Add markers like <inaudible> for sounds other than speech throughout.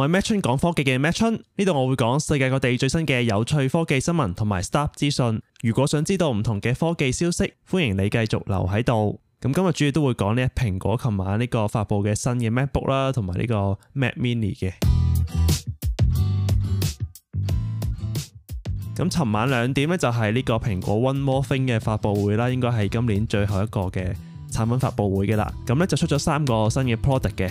我係麥春，講科技嘅麥春。呢度我會講世界各地最新嘅有趣科技新聞同埋 start 資訊。如果想知道唔同嘅科技消息，歡迎你繼續留喺度。咁今日主要都會講呢，蘋果琴晚呢個發佈嘅新嘅 MacBook 啦，同埋呢個 Mac Mini 嘅。咁琴 <music> 晚兩點呢，就係呢個蘋果 One More Thing 嘅發佈會啦，應該係今年最後一個嘅產品發佈會嘅啦。咁呢，就出咗三個新嘅 product 嘅。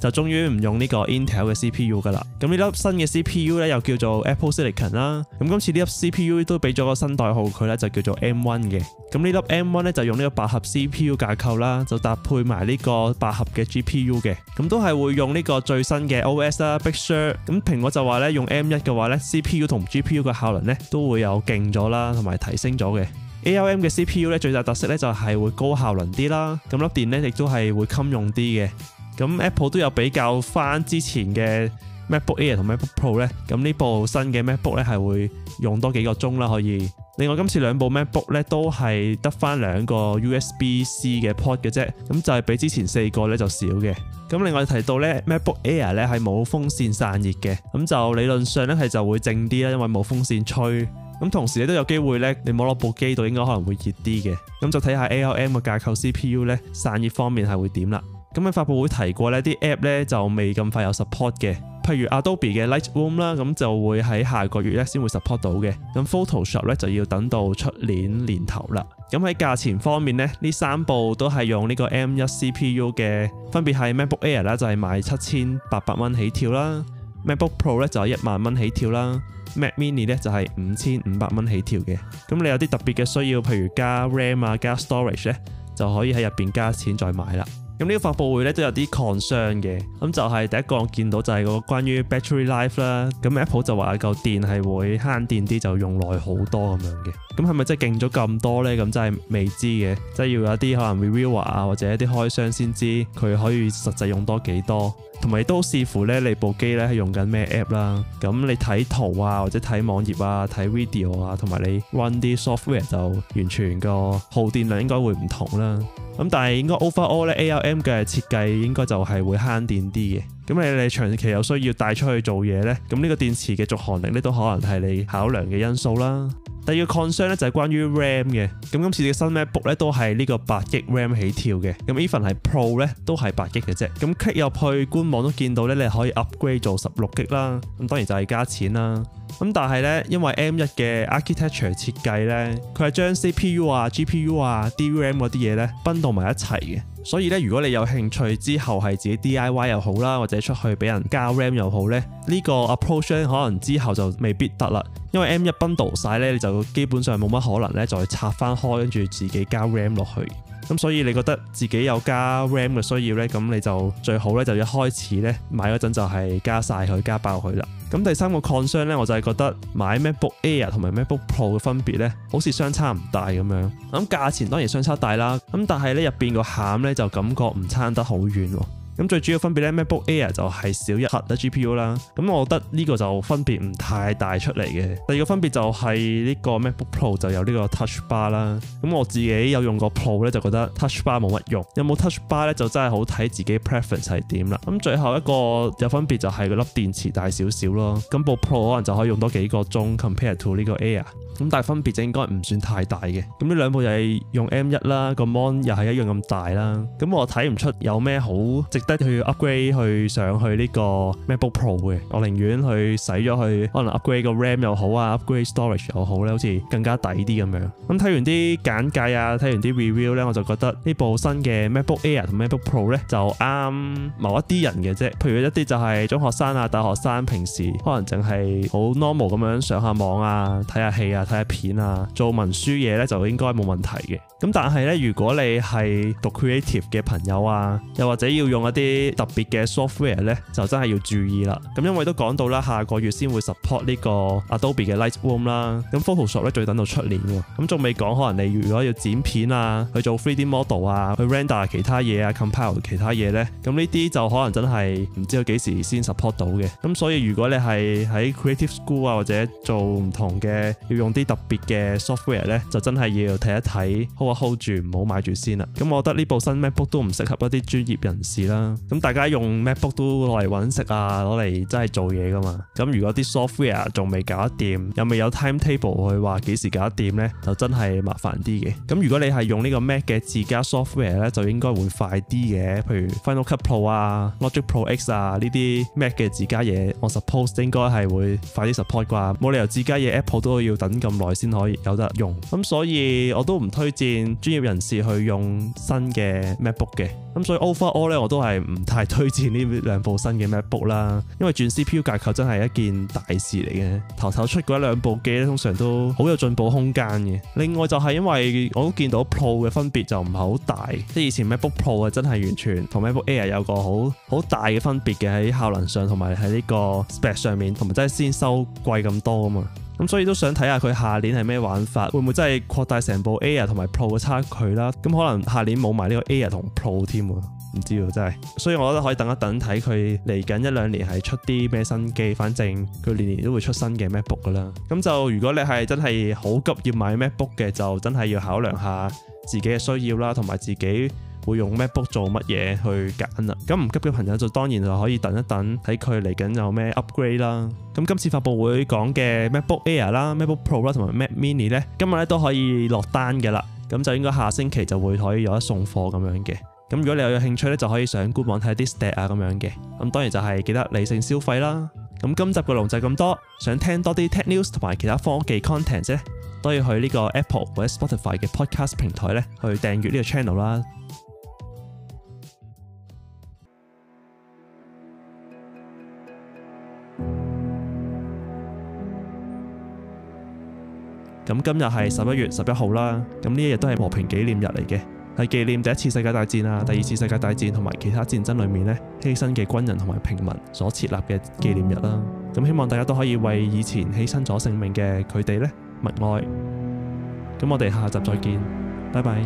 就終於唔用個呢個 Intel 嘅 CPU 㗎啦。咁呢粒新嘅 CPU 咧，又叫做 Apple Silicon 啦。咁今次呢粒 CPU 都俾咗個新代號，佢咧就叫做 M1 嘅。咁呢粒 M1 咧就用呢個八核 CPU 架構啦，就搭配埋呢個八核嘅 GPU 嘅。咁都係會用呢個最新嘅 OS 啦，Big Sur。咁蘋果就話咧，用 M1 嘅話咧，CPU 同 GPU 嘅效能咧都會有勁咗啦，同埋提升咗嘅。ARM 嘅 CPU 咧最大特色咧就係、是、會高效能啲啦，咁粒電咧亦都係會襟用啲嘅。咁 Apple 都有比較翻之前嘅 MacBook Air 同 MacBook Pro 咧，咁呢部新嘅 MacBook 咧係會用多幾個鐘啦，可以。另外今次兩部 MacBook 咧都係得翻兩個 USB C 嘅 port 嘅啫，咁就係比之前四個咧就少嘅。咁另外提到咧 MacBook Air 咧係冇風扇散熱嘅，咁就理論上咧係就會靜啲啦，因為冇風扇吹。咁同時咧都有機會咧，你摸落部機度應該可能會熱啲嘅。咁就睇下 ARM 嘅架構 CPU 咧散熱方面係會點啦。咁喺發布會提過呢啲 app 咧就未咁快有 support 嘅。譬如 Adobe 嘅 Lightroom 啦，咁就會喺下個月咧先會 support 到嘅。咁 Photoshop 咧就要等到出年年頭啦。咁喺價錢方面呢，呢三部都係用呢個 M1 CPU 嘅，分別係 MacBook Air 啦，就係賣七千八百蚊起跳啦；MacBook Pro 咧就係一萬蚊起跳啦；Mac Mini 咧就係五千五百蚊起跳嘅。咁你有啲特別嘅需要，譬如加 RAM 啊、加 storage 咧，就可以喺入邊加錢再買啦。咁呢個發佈會都有啲 concern 嘅，咁就係第一個我見到就係個關於 battery life 啦，咁 Apple 就話有嚿電係會慳電啲就用耐好多咁樣嘅。咁係咪真係勁咗咁多呢？咁真係未知嘅，即係要有啲可能 reviewer 啊，或者一啲開箱先知佢可以實際用多幾多。同埋都視乎咧，你部機咧係用緊咩 app 啦。咁你睇圖啊，或者睇網頁啊，睇 video 啊，同埋你 run 啲 software 就完全個耗電量應該會唔同啦。咁但係應該 over all 咧，ARM 嘅設計應該就係會慳電啲嘅。咁你你長期有需要帶出去做嘢呢？咁呢個電池嘅續航力咧都可能係你考量嘅因素啦。第二個 concern 咧就係關於 RAM 嘅，咁今次嘅新 MacBook 咧都係呢個八 GB RAM 起跳嘅，咁 even 係 Pro 咧都係八 GB 嘅啫，咁 click 入去官網都見到咧，你可以 upgrade 做十六 GB 啦，咁當然就係加錢啦。咁但係咧，因為 M 一嘅 architecture 設計咧，佢係將 CPU 啊、GPU 啊、DRAM 嗰啲嘢咧 bundle 埋一齊嘅。所以咧，如果你有興趣之後係自己 DIY 又好啦，或者出去俾人加 RAM 又好咧，這個、呢個 approach 可能之後就未必得啦。因為 M 一 bundle 晒咧，你就基本上冇乜可能咧，再拆翻開跟住自己加 RAM 落去。咁所以你覺得自己有加 RAM 嘅需要呢？咁你就最好呢，就一開始呢，買嗰陣就係加晒佢，加爆佢啦。咁第三個 concern 呢，我就係覺得買 MacBook Air 同埋 MacBook Pro 嘅分別呢，好似相差唔大咁樣。咁價錢當然相差大啦，咁但係呢，入邊個餡呢，餡就感覺唔差得好遠喎、哦。咁最主要分別咧，MacBook Air 就係少一核嘅 GPU 啦。咁我覺得呢個就分別唔太大出嚟嘅。第二個分別就係呢個 MacBook Pro 就有呢個 Touch Bar 啦。咁我自己有用過 Pro 咧，就覺得 Touch Bar 冇乜用。有冇 Touch Bar 咧，就真係好睇自己 preference 係點啦。咁最後一個有分別就係嗰粒電池大少少咯。咁部 Pro 可能就可以用多幾個鐘，compare to 呢個 Air。咁但係分別就應該唔算太大嘅。咁呢兩部就係用 M 一啦，個 mon 又係一樣咁大啦。咁我睇唔出有咩好值得去 upgrade 去上去呢個 MacBook Pro 嘅。我寧願去使咗去可能 upgrade 個 RAM 又好啊，upgrade storage 又好咧，好似更加抵啲咁樣。咁睇完啲簡介啊，睇完啲 review 咧，我就覺得呢部新嘅 MacBook Air 同 MacBook Pro 咧就啱某一啲人嘅啫。譬如一啲就係中學生啊、大學生，平時可能淨係好 normal 咁樣上下網啊、睇下戲啊。睇下片啊，做文書嘢咧就應該冇問題嘅。咁但係咧，如果你係讀 creative 嘅朋友啊，又或者要用一啲特別嘅 software 咧，就真係要注意啦。咁因為都講到啦，下個月先會 support 呢個 Adobe 嘅 Lightroom 啦。咁 Photoshop 咧，再等到出年喎。咁仲未講，可能你如果要剪片啊，去做 3D model 啊，去 render 其他嘢啊，compile 其他嘢咧，咁呢啲就可能真係唔知道幾時先 support 到嘅。咁所以如果你係喺 creative school 啊，或者做唔同嘅要用。啲特別嘅 software 咧，就真係要睇一睇，hold 一 hold 住唔好買住先啦。咁我覺得呢部新 MacBook 都唔適合一啲專業人士啦。咁大家用 MacBook 都攞嚟揾食啊，攞嚟真係做嘢㗎嘛。咁如果啲 software 仲未搞得掂，又未有 timetable 去話幾時搞得掂呢，就真係麻煩啲嘅。咁如果你係用呢個 Mac 嘅自家 software 呢，就應該會快啲嘅。譬如 Final Cut Pro 啊、Logic Pro X 啊呢啲 Mac 嘅自家嘢，我 suppose 應該係會快啲 support 啩。冇理由自家嘢 Apple 都要等咁耐先可以有得用，咁、嗯、所以我都唔推薦專業人士去用新嘅 MacBook 嘅，咁、嗯、所以 overall 咧我都係唔太推薦呢兩部新嘅 MacBook 啦，因為轉 CPU 架構真係一件大事嚟嘅。頭頭出嗰一兩部機咧，通常都好有進步空間嘅。另外就係因為我都見到 Pro 嘅分別就唔係好大，即係以前 MacBook Pro 啊，真係完全同 MacBook Air 有個好好大嘅分別嘅喺效能上，同埋喺呢個 spec 上面，同埋真係先收貴咁多啊嘛。咁、嗯、所以都想睇下佢下年係咩玩法，會唔會真係擴大成部 Air 同埋 Pro 嘅差距啦？咁、嗯、可能下年冇埋呢個 Air 同 Pro 添喎，唔知喎真係。所以我覺得可以等一等睇佢嚟緊一兩年係出啲咩新機，反正佢年年都會出新嘅 MacBook 噶啦。咁、嗯、就、嗯嗯、如果你係真係好急要買 MacBook 嘅，就真係要考量下自己嘅需要啦，同埋自己，會用 MacBook 做乜嘢去揀啦？咁唔急嘅朋友就當然就可以等一等，睇佢嚟緊有咩 upgrade 啦。咁今次發布會講嘅 MacBook Air 啦、MacBook Pro 啦同埋 Mac Mini 咧，今日咧都可以落單㗎啦。咁就應該下星期就會可以有得送貨咁樣嘅。咁如果你有興趣咧，就可以上官網睇下啲 set 啊咁樣嘅。咁當然就係記得理性消費啦。咁今集嘅內容就咁多。想聽多啲 tech news 同埋其他科技 content 咧，都要去呢個 Apple 或者 Spotify 嘅 podcast 平台咧去訂閱呢個 channel 啦。今日係十一月十一號啦，咁呢一日都係和平紀念日嚟嘅，係紀念第一次世界大戰啊、第二次世界大戰同埋其他戰爭裏面呢犧牲嘅軍人同埋平民所設立嘅紀念日啦。咁希望大家都可以為以前犧牲咗性命嘅佢哋呢默哀。咁我哋下集再見，拜拜。